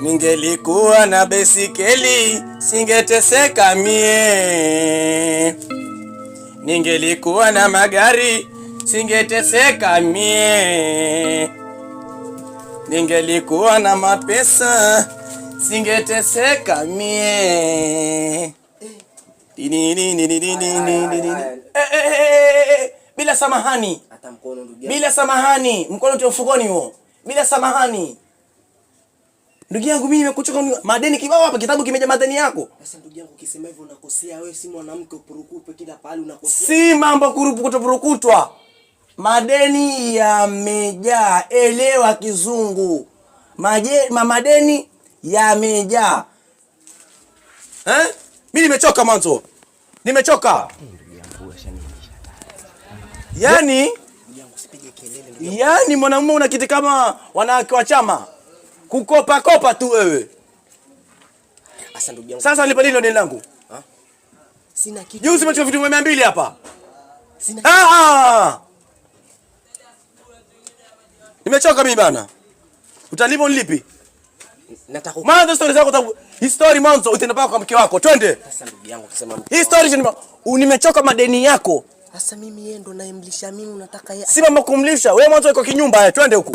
Ningelikuwa na besikeli singeteseka mie, ningelikuwa na magari singeteseka mie, ningelikuwa na mapesa singeteseka mie. Bila samahani, bila samahani, mkono mfukoni huo, bila samahani Ndugu yangu mimi nimekuchoka madeni kibao hapa, kitabu kimejaa madeni yako. Sasa ndugu yangu, ukisema hivyo unakosea wewe, si mwanamke upurukupe kila pale unakosea. Si mambo kurupukutwa purukutwa. Madeni yamejaa, elewa kizungu. Maje, ma madeni yamejaa. Eh? Mimi nimechoka mwanzo. Nimechoka. Yaani, yaani mwanamume una kiti kama wanawake wa chama kukopa kopa tu wewe. Asa ndugu yangu. Sasa nipe lilo deni langu. Sina kitu. Juzi umechukua vitu mia mbili hapa. Sina. Ah! ah. Nimechoka mimi bana. Utalipo nilipi? Nataka mwanzo story zako tabu. history mwanzo utaenda paka kwa mke wako. Twende. Sasa ndugu yangu kusema mke. Hii story ni nimechoka madeni yako. Sasa mimi yeye ndo nayemlisha mimi unataka yeye. Si mama kumlisha. Wewe mwanzo uko kinyumba eh, Twende huko.